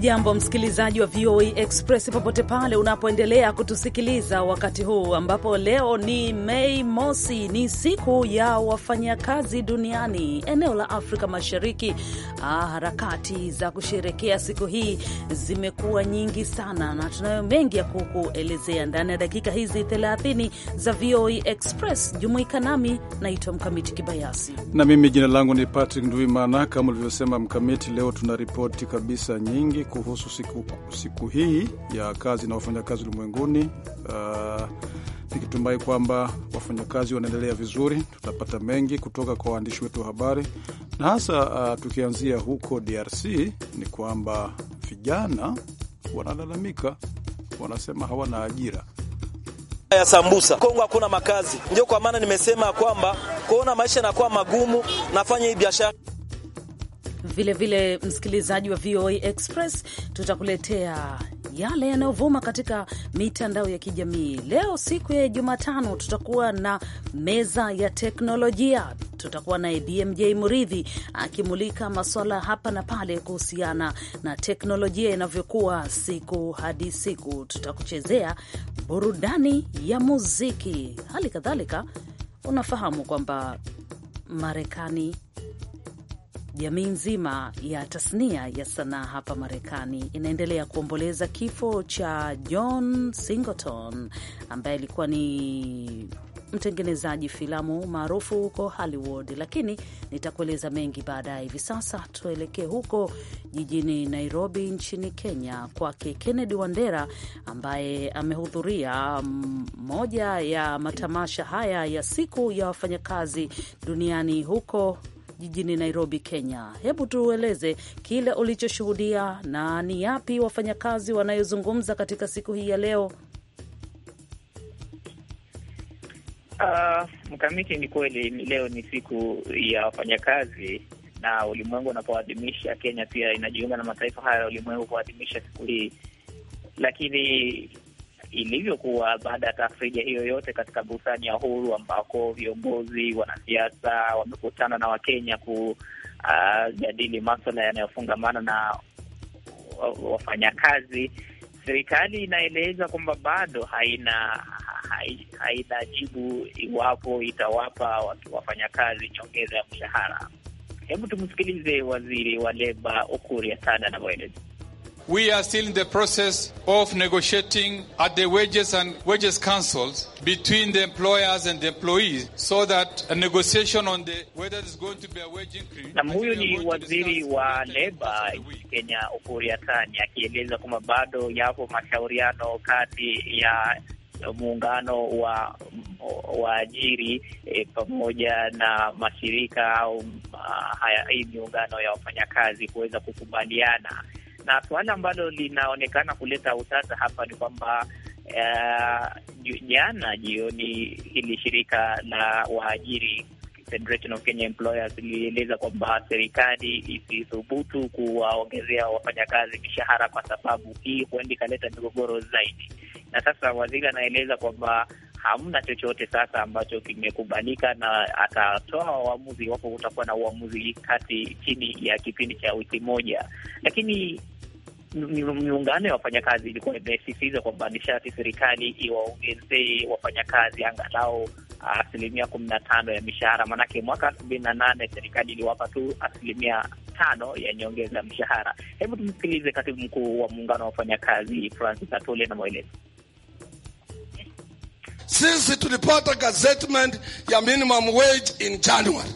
Hujambo msikilizaji wa VOA e Express popote pale unapoendelea kutusikiliza wakati huu ambapo leo ni Mei Mosi, ni siku ya wafanyakazi duniani. Eneo la Afrika Mashariki, ah, harakati za kusherekea siku hii zimekuwa nyingi sana, na tunayo mengi ya kukuelezea ndani ya dakika hizi 30 za VOA e Express. Jumuika nami, naitwa Mkamiti Kibayasi na mimi jina langu ni Patrick Nduimana. Kama ulivyosema Mkamiti, leo tuna ripoti kabisa nyingi kuhusu siku, siku hii ya kazi na wafanyakazi ulimwenguni uh, kwamba wafanyakazi wanaendelea vizuri. Tutapata mengi kutoka kwa waandishi wetu wa habari na hasa uh, tukianzia huko DRC ni kwamba vijana wanalalamika, wanasema hawana ajira ya sambusa Kongo hakuna makazi. Ndio kwa maana nimesema kwamba kuona maisha yanakuwa magumu, nafanya hii biashara Vilevile msikilizaji wa VOA Express, tutakuletea yale yanayovuma katika mitandao ya kijamii. Leo siku ya Jumatano tutakuwa na meza ya teknolojia, tutakuwa naye BMJ Muridhi akimulika maswala hapa na pale kuhusiana na teknolojia inavyokuwa siku hadi siku. Tutakuchezea burudani ya muziki, hali kadhalika unafahamu kwamba Marekani Jamii nzima ya tasnia ya sanaa hapa Marekani inaendelea kuomboleza kifo cha John Singleton ambaye alikuwa ni mtengenezaji filamu maarufu huko Hollywood, lakini nitakueleza mengi baadaye. Hivi sasa tuelekee huko jijini Nairobi nchini Kenya, kwake Kennedy Wandera ambaye amehudhuria moja ya matamasha haya ya siku ya wafanyakazi duniani huko jijini Nairobi, Kenya. Hebu tueleze kile ulichoshuhudia na ni yapi wafanyakazi wanayozungumza katika siku hii ya leo? Uh, mkamiti, ni kweli leo ni siku ya wafanyakazi na ulimwengu unapoadhimisha, Kenya pia inajiunga na mataifa haya ya ulimwengu kuadhimisha siku hii, lakini ilivyokuwa baada ya tafrija hiyo yote katika bustani ya Uhuru ambako viongozi wanasiasa wamekutana na Wakenya kujadili ah, uh, maswala yanayofungamana na wafanyakazi. Serikali inaeleza kwamba bado haina haina jibu iwapo itawapa wafanyakazi nyongeza ya mshahara. Hebu tumsikilize waziri wa leba Ukur Yatani anavyoeleza. We are still in the process of negotiating at the wages and wages councils between the employers and the employees so that a negotiation on the whether it's going to be a wage increase. Na huyu ni waziri wa leba Kenya Ukur Yatani akieleza kwamba bado yapo mashauriano kati ya muungano wa waajiri e, pamoja na mashirika au ah, hii miungano ya wafanyakazi kuweza kukubaliana na suala ambalo linaonekana kuleta utata hapa ni kwamba eh, jana uh, jioni hili shirika la waajiri Federation of Kenya Employers lilieleza kwamba serikali isithubutu kuwaongezea wafanyakazi mishahara kwa sababu hii huenda ikaleta migogoro zaidi. Na sasa waziri anaeleza kwamba hamna chochote sasa ambacho kimekubalika, na atatoa uamuzi iwapo utakuwa na uamuzi kati chini ya kipindi cha wiki moja, lakini miungano ya wafanyakazi ilikuwa imesisitiza kwamba nishati serikali iwaongezee wafanyakazi angalau uh, asilimia kumi na tano ya mishahara. Maanake mwaka elfu mbili na nane serikali iliwapa tu asilimia tano ya nyongeza mishahara Hebu tumsikilize katibu mkuu wa muungano wa wafanyakazi Francis Atole na maelezo. Sisi tulipata gazetment ya minimum wage in January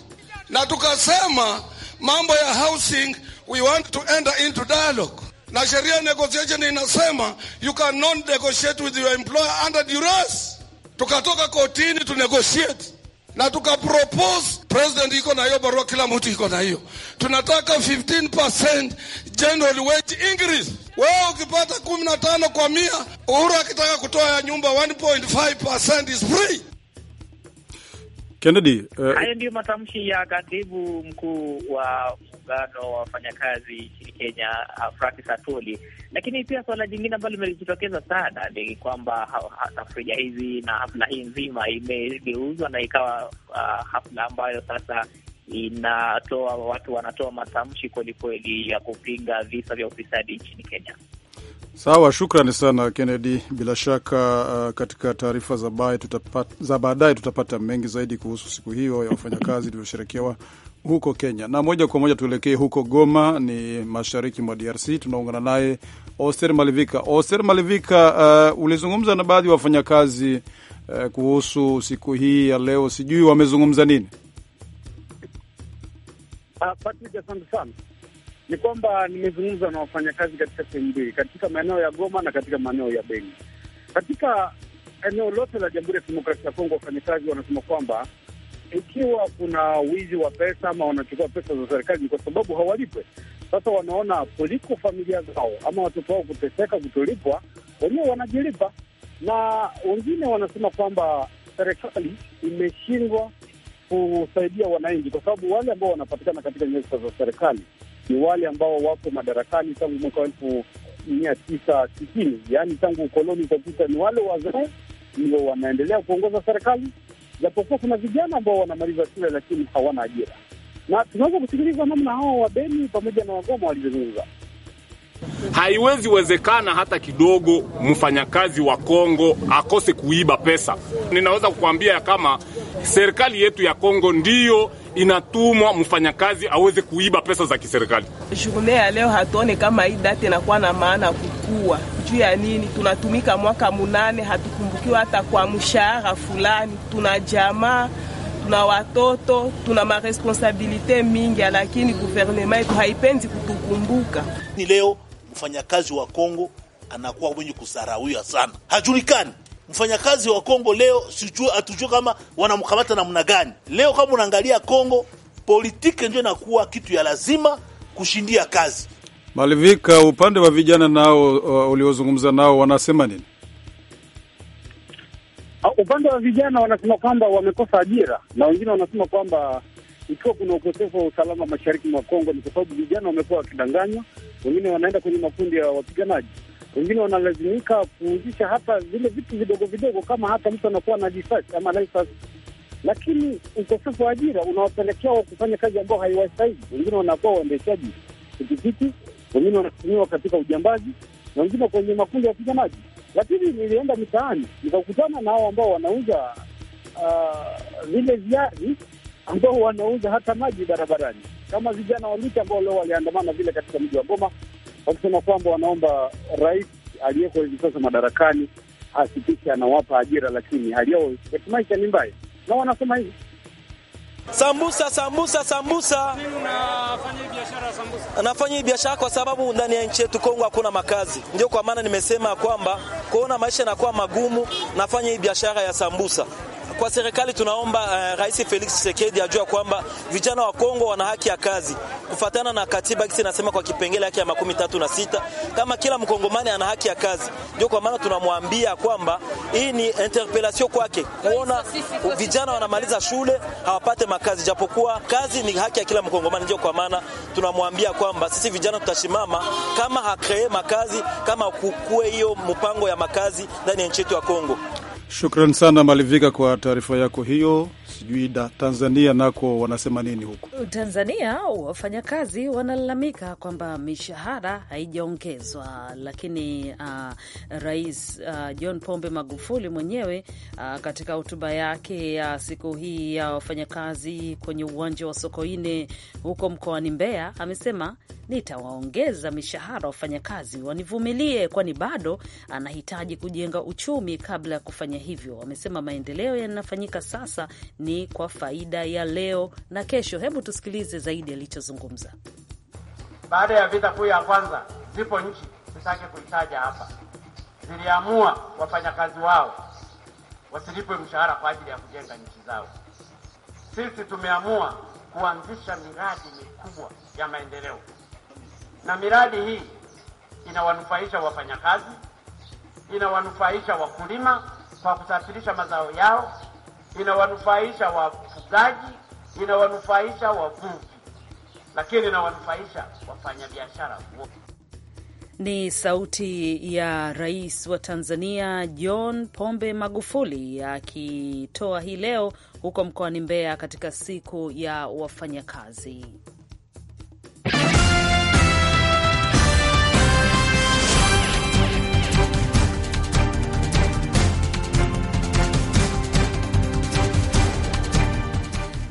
na tukasema mambo ya housing, we want to enter into dialogue na sheria negotiation inasema you cannot negotiate with your employer under duress. Tukatoka kotini tunegotiate na tukapropose, president iko na hiyo barua, kila mtu iko na hiyo. Tunataka 15% general wage increase. Wewe ukipata 15 kwa mia, Uhuru akitaka kutoa ya nyumba 1.5% is free Kennedy, uh... Haya ndiyo matamshi ya katibu mkuu wa muungano wa wafanyakazi nchini Kenya, uh, Francis Atoli. Lakini pia suala jingine ambalo limejitokeza sana ni kwamba tafrija hizi na hafla hii nzima imegeuzwa na ikawa uh, hafla ambayo sasa inatoa watu wanatoa matamshi kwelikweli ya kupinga visa vya ufisadi nchini Kenya. Sawa, shukrani sana Kennedy. Bila shaka uh, katika taarifa za baadaye tutapata mengi zaidi kuhusu siku hiyo ya wafanyakazi iliyosherekewa huko Kenya. Na moja kwa moja tuelekee huko Goma, ni mashariki mwa DRC. Tunaungana naye Oster Malivika. Oster Malivika, uh, ulizungumza na baadhi ya wafanyakazi uh, kuhusu siku hii ya leo, sijui wamezungumza nini? Ah, asante sana ni kwamba nimezungumza na wafanyakazi katika sehemu mbili, katika maeneo ya Goma na katika maeneo ya Beni. Katika eneo lote la Jamhuri ya Kidemokrasia ya Kongo, wafanyakazi wanasema kwamba ikiwa kuna wizi wa pesa ama wanachukua pesa za serikali ni kwa sababu hawalipwe. Sasa wanaona kuliko familia zao ama watoto wao kuteseka kutolipwa, wenyewe wanajilipa, na wengine wanasema kwamba serikali imeshindwa kusaidia wananchi, kwa sababu wale ambao wanapatikana katika nyesa za serikali ni wale ambao wako madarakani tangu mwaka wa elfu mia tisa sitini yaani tangu ukoloni kapita, ni wale wazee ndio wanaendelea kuongoza serikali, japokuwa kuna vijana ambao wanamaliza shule lakini hawana ajira, na tunaweza kusikiliza namna hawa wabeni pamoja na wagoma walivyozungumza. Haiwezi wezekana hata kidogo mfanyakazi wa Kongo akose kuiba pesa. Ninaweza kukuambia ya kama serikali yetu ya Kongo ndiyo inatumwa mfanyakazi aweze kuiba pesa za kiserikali. Jurne ya leo hatuone kama hii date inakuwa na maana kukua juu ya nini? Tunatumika mwaka munane, hatukumbukiwa hata kwa mshahara fulani. Tuna jamaa, tuna watoto, tuna maresponsabilite mingi, lakini guvernema yetu haipendi kutukumbuka. Ni leo mfanyakazi wa Kongo anakuwa mwenye kusarauya sana, hajulikani mfanyakazi wa Kongo leo sijui atujue kama wanamkamata namna gani. Leo kama unaangalia Kongo, politiki ndio inakuwa kitu ya lazima kushindia kazi. Malivika, upande wa vijana nao uh, uliozungumza nao wanasema nini? Ah, upande wa vijana wanasema kwamba wamekosa ajira na wengine wanasema kwamba ikiwa kuna ukosefu wa usalama mashariki mwa Kongo ni kwa sababu vijana wamekuwa wakidanganywa, wengine wanaenda kwenye makundi ya wapiganaji wengine wanalazimika kuuzisha hata vile vitu vidogo vidogo, kama hata mtu anakuwa na jifasi ama laifasi. Lakini ukosefu wa ajira unawapelekea wao kufanya kazi ambayo haiwasaidi. Wengine wanakuwa waendeshaji pikipiki, wengine wanatumiwa katika ujambazi, na wengine kwenye makundi ya wapiganaji. Lakini nilienda mitaani nikakutana na hao ambao wanauza uh, vile viazi ambao wanauza hata maji barabarani, kama vijana wa Lucha ambao leo waliandamana vile katika mji wa Goma wakisema kwamba wanaomba rais aliyeko hivi sasa madarakani asitishe, anawapa ajira, lakini hali yao ya kimaisha ni mbaya, na wanasema hivi Sambusa, sambusa, sambusa. Anafanya hii biashara kwa sababu ndani ya nchi yetu Kongo hakuna makazi, ndio kwa maana nimesema kwamba kuona maisha yanakuwa magumu, nafanya hii biashara ya sambusa kwa serikali tunaomba uh, Rais Felix Tshisekedi ajua kwamba vijana wa Kongo wana haki ya kazi kufatana na katiba kisi nasema kwa kipengele yake ya makumi tatu na sita kama kila mkongomani ana haki ya kazi. Ndio kwa maana tunamwambia kwamba hii ni interpellation kwake kuona vijana wanamaliza shule hawapate makazi, japokuwa kazi ni haki ya kila mkongomani. Ndio kwa maana tunamwambia kwamba sisi vijana tutasimama kama hakree makazi, kama kukue hiyo mpango ya makazi ndani ya nchi yetu ya Kongo. Shukran sana Malivika kwa taarifa yako hiyo sijui da Tanzania nako wanasema nini huko? Tanzania wafanyakazi wanalalamika kwamba mishahara haijaongezwa, lakini uh, Rais uh, John Pombe Magufuli mwenyewe uh, katika hotuba yake ya uh, siku hii ya uh, wafanyakazi kwenye uwanja wa Sokoine huko mkoani Mbeya amesema nitawaongeza mishahara wafanyakazi, wanivumilie, kwani bado anahitaji kujenga uchumi kabla ya kufanya hivyo. Amesema maendeleo yanafanyika sasa ni ni kwa faida ya leo na kesho. Hebu tusikilize zaidi alichozungumza. Baada ya vita kuu ya kwanza, zipo nchi zitake kuitaja hapa, ziliamua wafanyakazi wao wasilipwe mshahara kwa ajili ya kujenga nchi zao. Sisi tumeamua kuanzisha miradi mikubwa ya maendeleo, na miradi hii inawanufaisha wafanyakazi, inawanufaisha wakulima kwa kusafirisha mazao yao inawanufaisha wafugaji, inawanufaisha wavuvi, lakini inawanufaisha wafanyabiashara wote. Ni sauti ya rais wa Tanzania John Pombe Magufuli akitoa hii leo huko mkoani Mbeya katika siku ya wafanyakazi.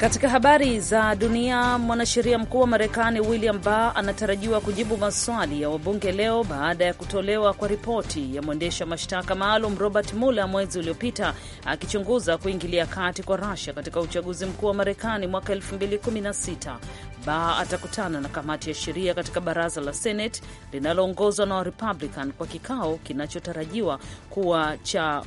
Katika habari za dunia, mwanasheria mkuu wa Marekani William Barr anatarajiwa kujibu maswali ya wabunge leo baada ya kutolewa kwa ripoti ya mwendesha mashtaka maalum Robert Mueller mwezi uliopita, akichunguza kuingilia kati kwa Russia katika uchaguzi mkuu wa Marekani mwaka 2016. Barr atakutana na kamati ya sheria katika baraza la Senate linaloongozwa na Warepublican kwa kikao kinachotarajiwa kuwa cha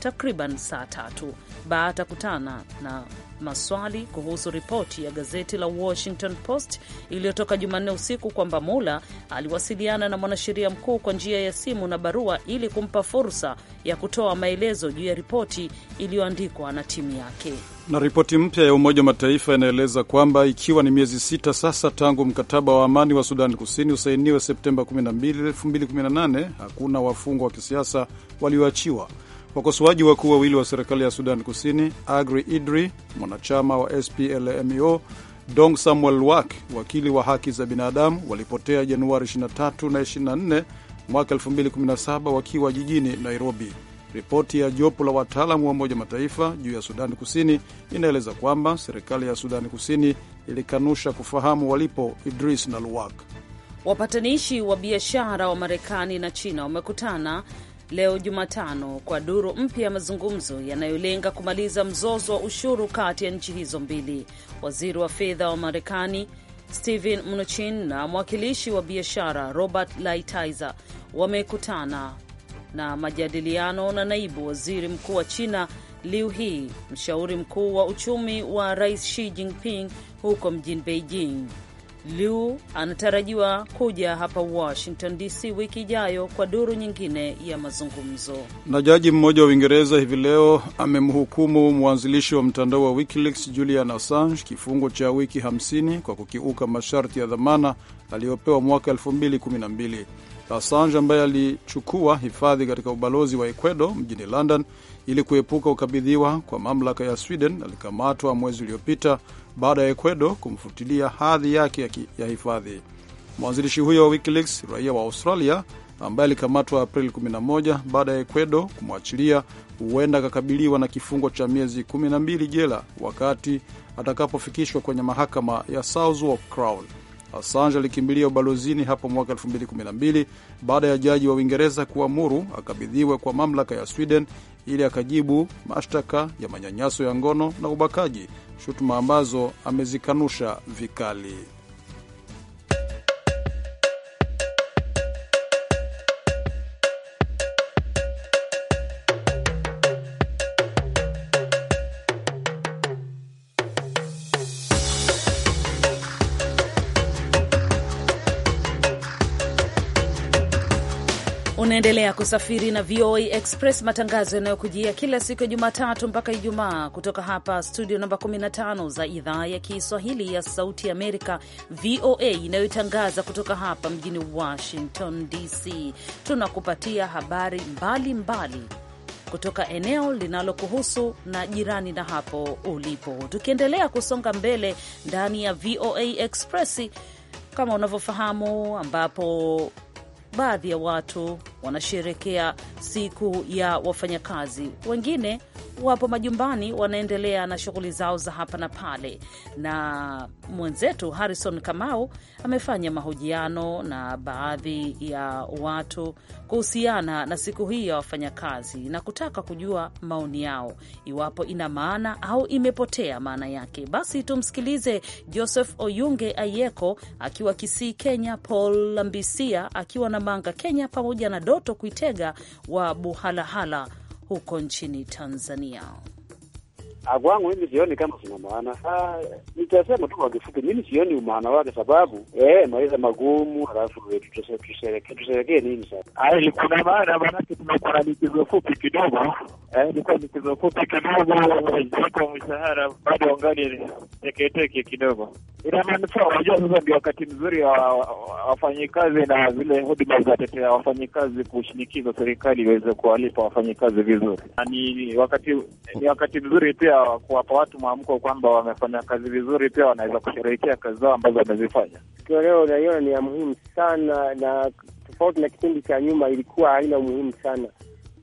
takriban saa tatu. ba atakutana na maswali kuhusu ripoti ya gazeti la Washington Post iliyotoka Jumanne usiku kwamba Mula aliwasiliana na mwanasheria mkuu kwa njia ya simu na barua ili kumpa fursa ya kutoa maelezo juu ya ripoti iliyoandikwa na timu yake. Na ripoti mpya ya Umoja wa Mataifa inaeleza kwamba ikiwa ni miezi sita sasa tangu mkataba wa amani wa Sudani Kusini usainiwe Septemba 12, 2018 hakuna wafungwa wa kisiasa walioachiwa. Wakosoaji wakuu wawili wa serikali ya Sudan Kusini, Agri Idri, mwanachama wa SPLMIO, e Dong Samuel Luwak, wakili wa haki za binadamu, walipotea Januari 23 na 24 mwaka 2017 wakiwa jijini Nairobi. Ripoti ya jopo la wataalamu wa Umoja Mataifa juu ya Sudani Kusini inaeleza kwamba serikali ya Sudani Kusini ilikanusha kufahamu walipo Idris na Luwak. Wapatanishi wa biashara wa Marekani na China wamekutana leo Jumatano kwa duru mpya ya mazungumzo yanayolenga kumaliza mzozo wa ushuru kati ya nchi hizo mbili. Waziri wa fedha wa Marekani Steven Mnuchin na mwakilishi wa biashara Robert Lighthizer wamekutana na majadiliano na naibu waziri mkuu wa China Liu He, mshauri mkuu wa uchumi wa Rais Xi Jinping huko mjini Beijing. Liu anatarajiwa kuja hapa Washington DC wiki ijayo kwa duru nyingine ya mazungumzo. Na jaji mmoja wa Uingereza hivi leo amemhukumu mwanzilishi wa mtandao wa WikiLeaks Julian Assange kifungo cha wiki 50 kwa kukiuka masharti ya dhamana aliyopewa mwaka 2012. Assange ambaye alichukua hifadhi katika ubalozi wa Ecuador mjini London ili kuepuka kukabidhiwa kwa mamlaka ya Sweden alikamatwa mwezi uliopita baada ya Ecuador kumfutilia hadhi yake ya hifadhi. Mwanzilishi huyo wa WikiLeaks raia wa Australia ambaye alikamatwa Aprili 11 baada ya Ecuador kumwachilia, huenda akakabiliwa na kifungo cha miezi 12 jela wakati atakapofikishwa kwenye mahakama ya Southwark Crown. Assange alikimbilia ubalozini hapo mwaka 2012 baada ya jaji wa Uingereza kuamuru akabidhiwe kwa mamlaka ya Sweden ili akajibu mashtaka ya manyanyaso ya ngono na ubakaji, shutuma ambazo amezikanusha vikali. Unaendelea kusafiri na VOA Express, matangazo yanayokujia kila siku ya Jumatatu mpaka Ijumaa kutoka hapa studio namba 15 za idhaa ya Kiswahili ya Sauti ya Amerika, VOA, inayotangaza kutoka hapa mjini Washington DC. Tunakupatia habari mbalimbali mbali kutoka eneo linalokuhusu na jirani na hapo ulipo. Tukiendelea kusonga mbele ndani ya VOA Express kama unavyofahamu, ambapo baadhi ya watu wanasherekea siku ya wafanyakazi, wengine wapo majumbani wanaendelea na shughuli zao za hapa na pale, na mwenzetu Harrison Kamau amefanya mahojiano na baadhi ya watu kuhusiana na siku hii ya wafanyakazi na kutaka kujua maoni yao, iwapo ina maana au imepotea maana yake. Basi tumsikilize Joseph Oyunge Ayeko akiwa Kisii, Kenya, Paul Lambisia akiwa na Manga, Kenya, pamoja na Doto Kuitega wa Buhalahala huko nchini Tanzania. Kwangu mimi sioni kama kuna maana. Ah, nitasema tu kwa kifupi, mimi sioni umaana wake, sababu eh, maisha magumu, halafu tusherekee nini sasa? Kuna maana, maanake tumekuwa na likizo fupi kidogo, eh? ilikuwa likizo fupi kidogo, ziko mshahara bado angali teketeke kidogo, ina manufaa. Unajua, sasa ndio wakati mzuri wa wafanyikazi na zile huduma za tetea wafanyikazi kushinikiza serikali iweze kuwalipa wafanyikazi vizuri. Ni wakati ni wakati mzuri pia pia kuwapa watu mwamko kwamba wamefanya kazi vizuri, pia wanaweza kusherehekea kazi zao ambazo wamezifanya. Tukio leo naiona ni ya muhimu sana, na tofauti na kipindi cha nyuma ilikuwa haina umuhimu sana,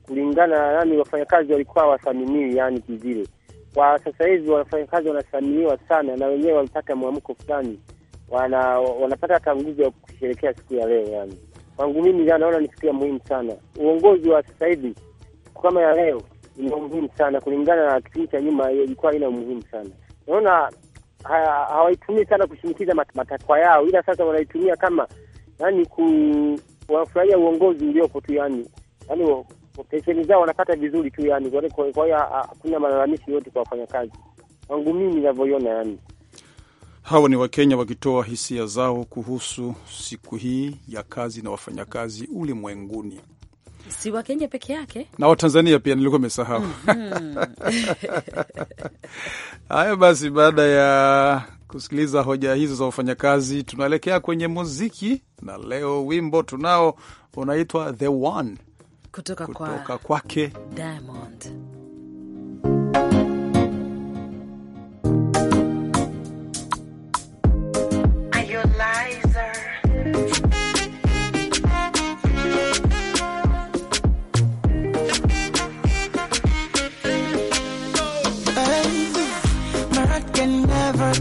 kulingana nani, wafanyakazi walikuwa wathaminiwi yani kivile. Kwa sasa hivi wafanyakazi wanathaminiwa sana, na wenyewe wanapata mwamko fulani, wana wanapata hata nguvu ya kusherekea siku ya leo yani. Kwangu mimi naona ni siku ya muhimu sana. Uongozi wa sasa hivi kama ya leo ina umuhimu sana kulingana na kipindi cha nyuma, ilikuwa ina umuhimu sana. Unaona hawaitumii sana kushinikiza matakwa yao, ila sasa wanaitumia kama yani ku uongozi uliopo tu, yani yani pensheni zao wanapata vizuri tu, yani kwa hiyo ah, hakuna malalamishi yote kwa wafanyakazi wangu mimi ninavyoiona yani. Hawa ni Wakenya wakitoa hisia zao kuhusu siku hii ya kazi na wafanyakazi ulimwenguni si wa Kenya peke yake na Watanzania pia, nilikuwa mesahau mm-hmm. Haya, basi baada ya kusikiliza hoja hizo za wafanyakazi, tunaelekea kwenye muziki, na leo wimbo tunao unaitwa The One kutoka kwake kwa Diamond.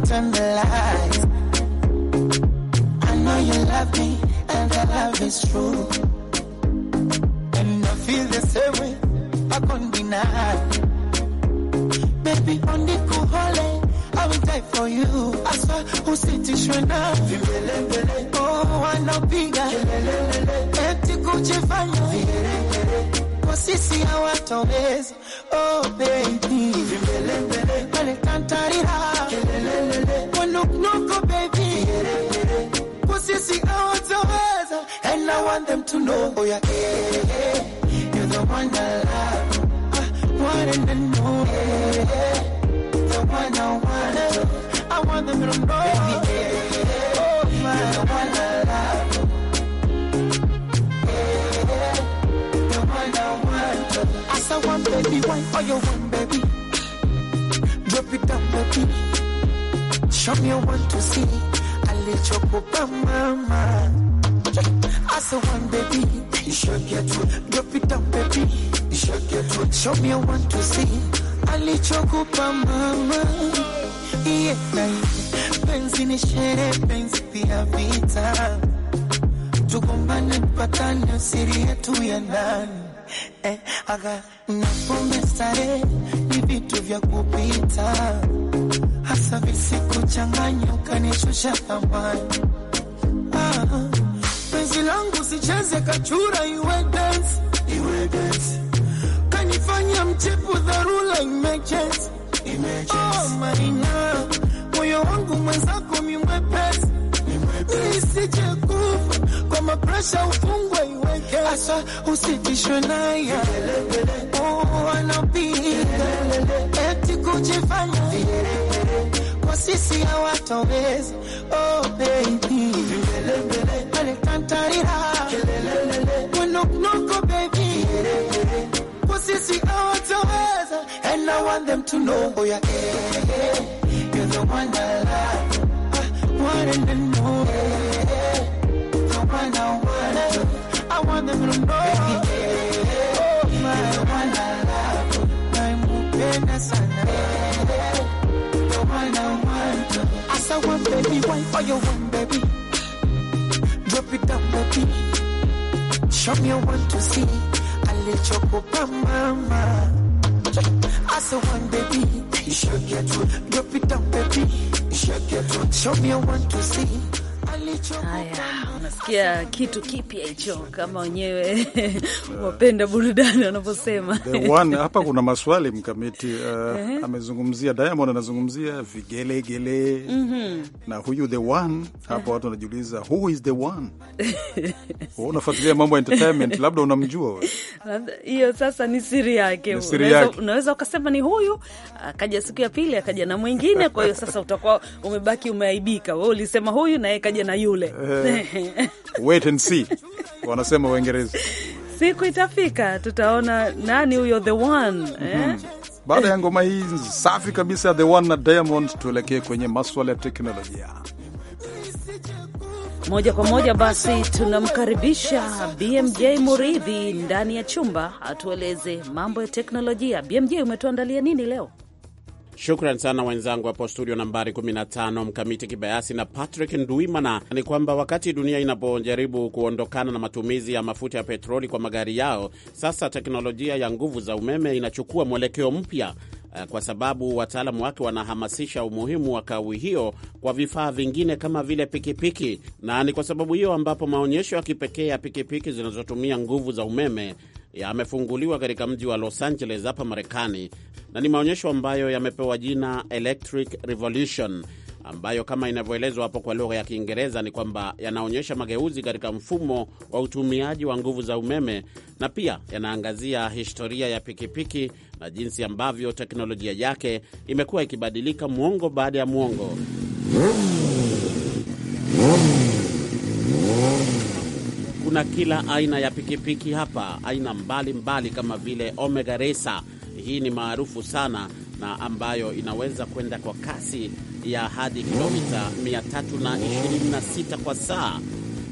turn the lights. I know you love me, and that love is true. And I feel the same way, I can't deny. Baby, on the cool holiday, I will die for you. I swear, usitishwe na oh, wanapiga eti kujifanya Kwako sisi hawataweza. Oh baby, mbele mbele wale tantarira kelelelele wanukunuko baby, kwa sisi hawataweza. And I want them to know, oh yeah, hey, hey, you're the one I love, uh, one and then know, hey, hey, the one I want, I want them to know, baby, hey, hey, oh my, you're the one I love. when I saw one baby, why are you one baby? Drop it down, baby. Show me a one to see. I let you go, mama. I saw one baby, you should get to. Drop it down, baby. You should get to. Show me a one to see. I let you go, mama. Yeah, penzi ni sherehe, penzi pia vita tukumbane, mpatane siri yetu ya ndani. eh, aga na ni vitu vya kupita, hasa visikuchanganyuka nishusha thamani. Ah, penzi langu sicheze kachura, iwe dance, iwe dance, kanifanya mchepu dharura, imejenzi oh, maina moyo wangu mwenzako, mi mwepesi nisije kufa kama presha ufungwe iweke, asa usitishwe naye wanapiga eti kujifanya kwa sisi hawatoweza. Oh baby alekantarira mwenoknoko baby kwa sisi hawatoweza and I want them to know oh yeah, yeah, yeah. You're the one I love, one and only one I I want them to know. one I The one I saw one baby, one for your one baby. Drop it down, baby. Show me a one to see. I let you go, I said one baby, you should get it. Drop it down, baby, you get it. Show me a one to see. I let you go, mama. unasikia kitu kipya hicho, kama wenyewe wapenda burudani wanavyosema. Hapa kuna maswali mkamiti, uh, uh-huh. amezungumzia Diamond, anazungumzia vigelegele uh-huh. na huyu the one hapa, watu wanajiuliza who is the one unafuatilia mambo ya entertainment, labda unamjua hiyo. Sasa ni siri yake, unaweza ukasema ni huyu, akaja siku ya pili akaja na mwingine. Kwa hiyo sasa utakuwa umebaki umeaibika, we ulisema huyu na yeye kaja na yule eh. Wait and see, wanasema Waingereza. Siku itafika tutaona nani huyo the one mm -hmm. Baada ya ngoma hii safi kabisa the one na Diamond, tuelekee kwenye maswala ya teknolojia moja kwa moja. Basi tunamkaribisha BMJ Muridhi ndani ya chumba atueleze mambo ya teknolojia. BMJ, umetuandalia nini leo? Shukran sana wenzangu hapo studio nambari 15, Mkamiti Kibayasi na Patrick Nduimana. Ni kwamba wakati dunia inapojaribu kuondokana na matumizi ya mafuta ya petroli kwa magari yao, sasa teknolojia ya nguvu za umeme inachukua mwelekeo mpya eh, kwa sababu wataalamu wake wanahamasisha umuhimu wa kawi hiyo kwa vifaa vingine kama vile pikipiki, na ni kwa sababu hiyo ambapo maonyesho ya kipekee ya pikipiki zinazotumia nguvu za umeme yamefunguliwa katika mji wa Los Angeles hapa Marekani, na ni maonyesho ambayo yamepewa jina Electric Revolution ambayo kama inavyoelezwa hapo kwa lugha ya Kiingereza ni kwamba yanaonyesha mageuzi katika mfumo wa utumiaji wa nguvu za umeme na pia yanaangazia historia ya pikipiki na jinsi ambavyo teknolojia yake imekuwa ikibadilika mwongo baada ya mwongo. kuna kila aina ya pikipiki hapa, aina mbalimbali mbali, kama vile Omega Racer. Hii ni maarufu sana na ambayo inaweza kwenda kwa kasi ya hadi kilomita 326 kwa saa,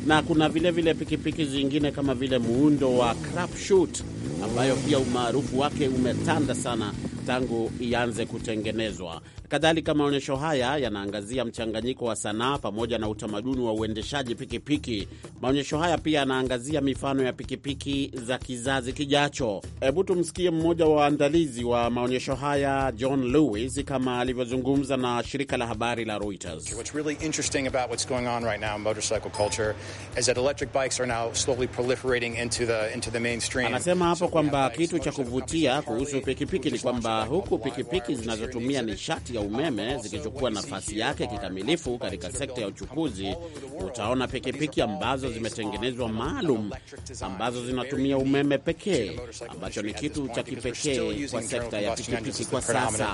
na kuna vilevile pikipiki zingine kama vile muundo wa crapshoot ambayo pia umaarufu wake umetanda sana tangu ianze kutengenezwa. Kadhalika, maonyesho haya yanaangazia mchanganyiko wa sanaa pamoja na utamaduni wa uendeshaji pikipiki. Maonyesho haya pia yanaangazia mifano ya pikipiki za kizazi kijacho. Hebu tumsikie mmoja wa waandalizi wa maonyesho haya, John Lewis, kama alivyozungumza na shirika la habari la Reuters. Anasema hapo kwamba kitu cha kuvutia kuhusu pikipiki ni kwamba huku pikipiki zinazotumia nishati ya umeme zikichukua nafasi yake kikamilifu katika sekta ya uchukuzi, utaona pikipiki ambazo zimetengenezwa maalum ambazo zinatumia umeme pekee, ambacho ni kitu cha kipekee kwa sekta ya pikipiki kwa sasa.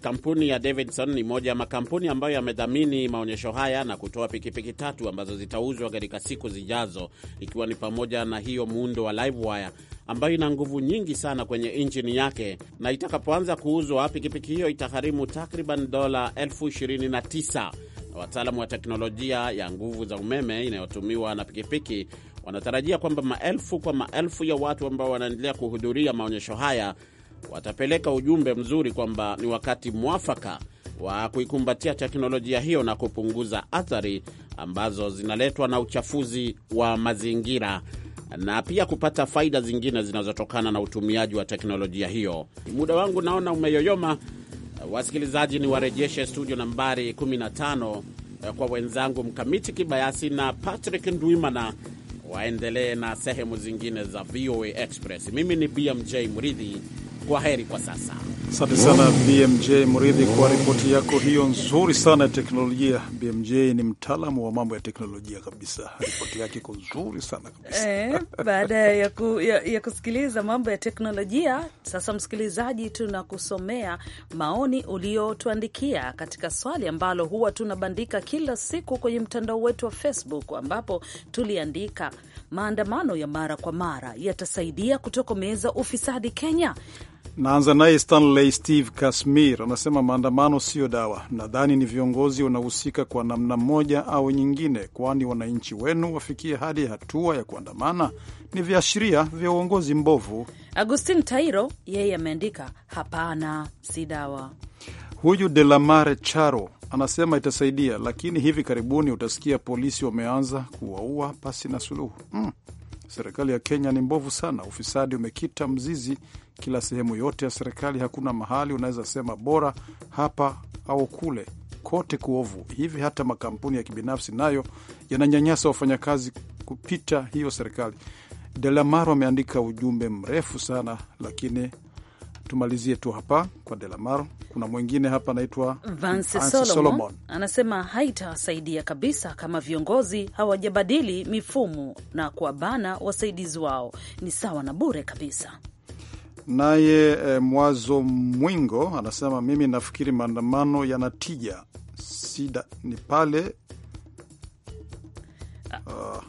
Kampuni ya Davidson ni moja ya makampuni ambayo yamedhamini maonyesho haya na kutoa pikipiki tatu ambazo zitauzwa katika siku zijazo, ikiwa ni pamoja na hiyo muundo wa Livewire ambayo ina nguvu nyingi sana kwenye injini yake, na itakapoanza kuuzwa pikipiki hiyo itagharimu takriban dola elfu na wataalamu wa teknolojia ya nguvu za umeme inayotumiwa na pikipiki wanatarajia kwamba maelfu kwa maelfu ya watu ambao wanaendelea kuhudhuria maonyesho haya watapeleka ujumbe mzuri kwamba ni wakati mwafaka wa kuikumbatia teknolojia hiyo na kupunguza athari ambazo zinaletwa na uchafuzi wa mazingira na pia kupata faida zingine zinazotokana na utumiaji wa teknolojia hiyo. Muda wangu naona umeyoyoma. Wasikilizaji, warejeshe studio nambari 15 eh, kwa wenzangu Mkamiti Kibayasi na Patrick Ndwimana waendelee na sehemu zingine za VOA Express. Mimi ni BMJ mridhi kwa heri kwa sasa. Asante sana BMJ Mridhi kwa ripoti yako hiyo nzuri sana ya teknolojia. BMJ ni mtaalamu wa mambo ya teknolojia kabisa, ripoti yake iko nzuri sana kabisa. E, baada ya, ku, ya, ya kusikiliza mambo ya teknolojia, sasa msikilizaji, tunakusomea maoni uliotuandikia katika swali ambalo huwa tunabandika kila siku kwenye mtandao wetu wa Facebook, ambapo tuliandika maandamano ya mara kwa mara yatasaidia kutokomeza ufisadi Kenya. Naanza naye Stanley Steve Kasmir anasema maandamano siyo dawa. Nadhani ni viongozi wanahusika kwa namna moja au nyingine, kwani wananchi wenu wafikie hadi hatua ya kuandamana ni viashiria vya uongozi mbovu. Agustin Tairo yeye ameandika hapana, si dawa. Huyu Delamare Charo anasema itasaidia, lakini hivi karibuni utasikia polisi wameanza kuwaua pasi na suluhu. Mm, Serikali ya Kenya ni mbovu sana, ufisadi umekita mzizi kila sehemu yote ya serikali. Hakuna mahali unaweza sema bora hapa au kule, kote kuovu hivi. Hata makampuni ya kibinafsi nayo yananyanyasa wafanyakazi kupita hiyo serikali. Delamaro ameandika ujumbe mrefu sana, lakini tumalizie tu hapa kwa Delamar. Kuna mwingine hapa anaitwa Vance Solomon. Solomon anasema haitawasaidia kabisa kama viongozi hawajabadili mifumo na kuwabana wasaidizi wao, ni sawa na bure kabisa. Naye e, Mwazo Mwingo anasema mimi nafikiri maandamano yanatija, sida ni pale uh,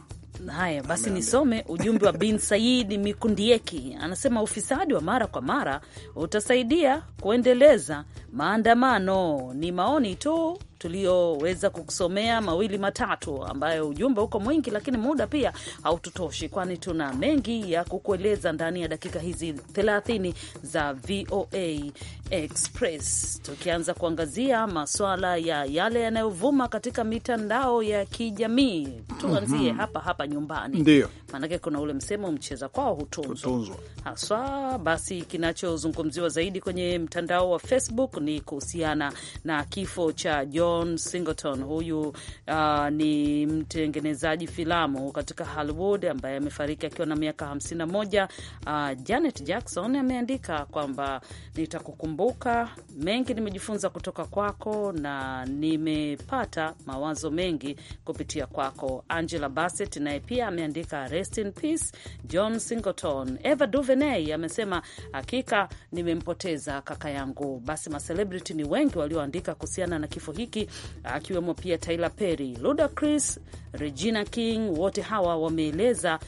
Haya basi, nisome ujumbe wa Bin Saidi Mikundieki, anasema ufisadi wa mara kwa mara utasaidia kuendeleza maandamano. Ni maoni tu tulioweza kukusomea mawili matatu, ambayo ujumbe uko mwingi, lakini muda pia haututoshi, kwani tuna mengi ya kukueleza ndani ya dakika hizi 30 za VOA Express, tukianza kuangazia maswala ya yale yanayovuma katika mitandao ya kijamii. Tuanzie mm -hmm. hapa hapa nyumbani, ndio maanake kuna ule msemo mcheza kwao hutunzwa haswa. Basi kinachozungumziwa zaidi kwenye mtandao wa Facebook ni kuhusiana na kifo cha John Singleton. Huyu uh, ni mtengenezaji filamu katika Hollywood ambaye amefariki akiwa na miaka 51. Uh, Janet Jackson ameandika kwamba nitakukumbuka, mengi nimejifunza kutoka kwako na nimepata mawazo mengi kupitia kwako. Angela Bassett naye pia ameandika rest in peace John Singleton. Eva Duveney amesema hakika nimempoteza kaka yangu. Basi macelebrity ni wengi walioandika kuhusiana na kifo hiki, akiwemo pia Tyler Perry, Ludacris, Regina King. Wote hawa wameeleza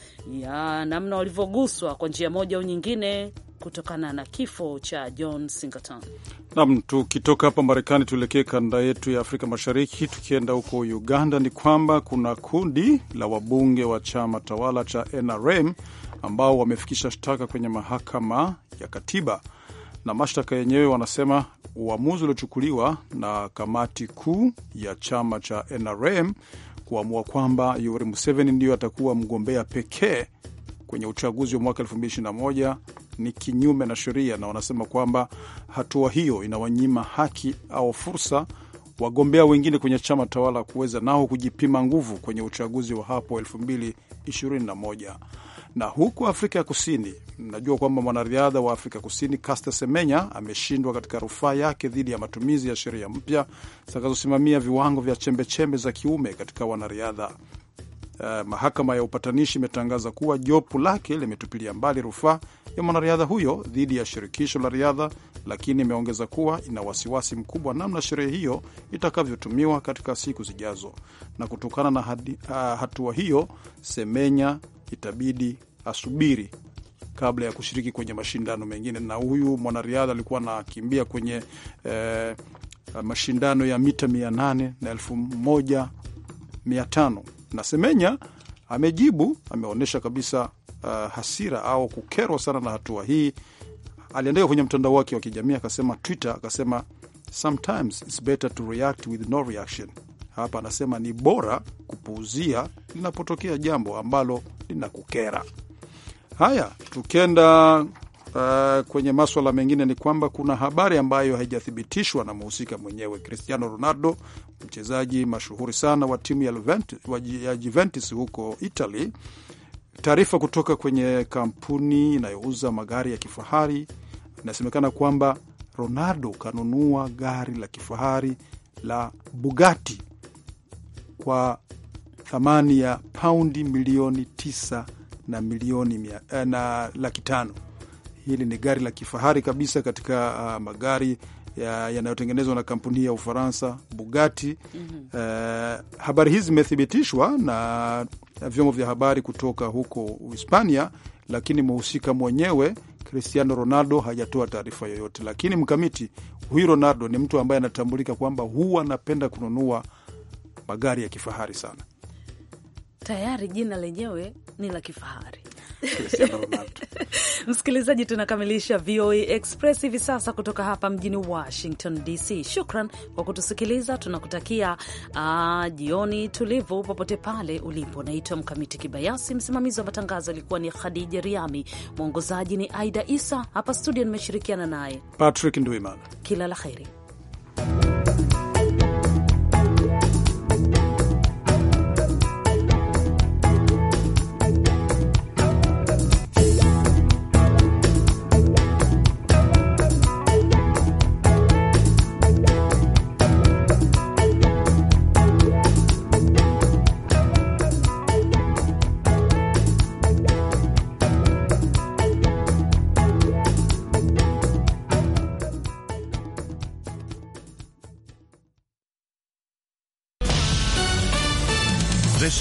namna walivyoguswa kwa njia moja au nyingine kutokana na kifo cha John Singleton. Nam, tukitoka hapa Marekani tuelekee kanda yetu ya Afrika Mashariki, tukienda huko Uganda ni kwamba kuna kundi la wabunge wa chama tawala cha NRM ambao wamefikisha shtaka kwenye mahakama ya katiba, na mashtaka yenyewe wanasema uamuzi uliochukuliwa na kamati kuu ya chama cha NRM kuamua kwamba Yoweri Museveni ndiyo atakuwa mgombea pekee kwenye uchaguzi wa mwaka 2021 ni kinyume na sheria, na wanasema kwamba hatua hiyo inawanyima haki au fursa wagombea wengine kwenye chama tawala kuweza nao kujipima nguvu kwenye uchaguzi wa hapo 221 Na huku Afrika ya Kusini, mnajua kwamba mwanariadha wa Afrika Kusini Caster Semenya ameshindwa katika rufaa yake dhidi ya matumizi ya sheria mpya zitakazosimamia viwango vya chembechembe -chembe za kiume katika wanariadha. Eh, mahakama ya upatanishi imetangaza kuwa jopo lake limetupilia mbali rufaa ya mwanariadha huyo dhidi ya shirikisho la riadha, lakini imeongeza kuwa ina wasiwasi mkubwa namna sherehe hiyo itakavyotumiwa katika siku zijazo, na kutokana na hadi, uh, hatua hiyo Semenya itabidi asubiri kabla ya kushiriki kwenye mashindano mengine. Na huyu mwanariadha alikuwa anakimbia kwenye eh, mashindano ya mita mia nane na elfu moja mia tano na Semenya amejibu, ameonyesha kabisa uh, hasira au kukerwa sana na hatua hii. Aliandika kwenye mtandao wake wa kijamii akasema, Twitter akasema, sometimes it's better to react with no reaction. Hapa anasema ni bora kupuuzia linapotokea jambo ambalo linakukera. Haya, tukenda uh, kwenye maswala mengine ni kwamba kuna habari ambayo haijathibitishwa na mhusika mwenyewe Cristiano Ronaldo, mchezaji mashuhuri sana wa timu ya Juventus huko Italy. Taarifa kutoka kwenye kampuni inayouza magari ya kifahari inasemekana kwamba Ronaldo kanunua gari la kifahari la Bugatti kwa thamani ya paundi milioni tisa na milioni mia, eh, na laki tano Hili ni gari la kifahari kabisa katika uh, magari yanayotengenezwa ya na kampuni ya Ufaransa Bugatti. mm -hmm. Uh, habari hizi zimethibitishwa na vyombo vya habari kutoka huko Uhispania, lakini mhusika mwenyewe Cristiano Ronaldo hajatoa taarifa yoyote. Lakini mkamiti huyu Ronaldo ni mtu ambaye anatambulika kwamba huwa anapenda kununua magari ya kifahari sana. Tayari jina lenyewe ni la kifahari Cristiano Ronaldo Msikilizaji, tunakamilisha VOA Express hivi sasa kutoka hapa mjini Washington DC. Shukran kwa kutusikiliza, tunakutakia uh, jioni tulivu popote pale ulipo. Naitwa Mkamiti Kibayasi, msimamizi wa matangazo alikuwa ni Khadija Riami, mwongozaji ni Aida Isa. Hapa studio nimeshirikiana naye Patrick Ndwimana. Kila la heri.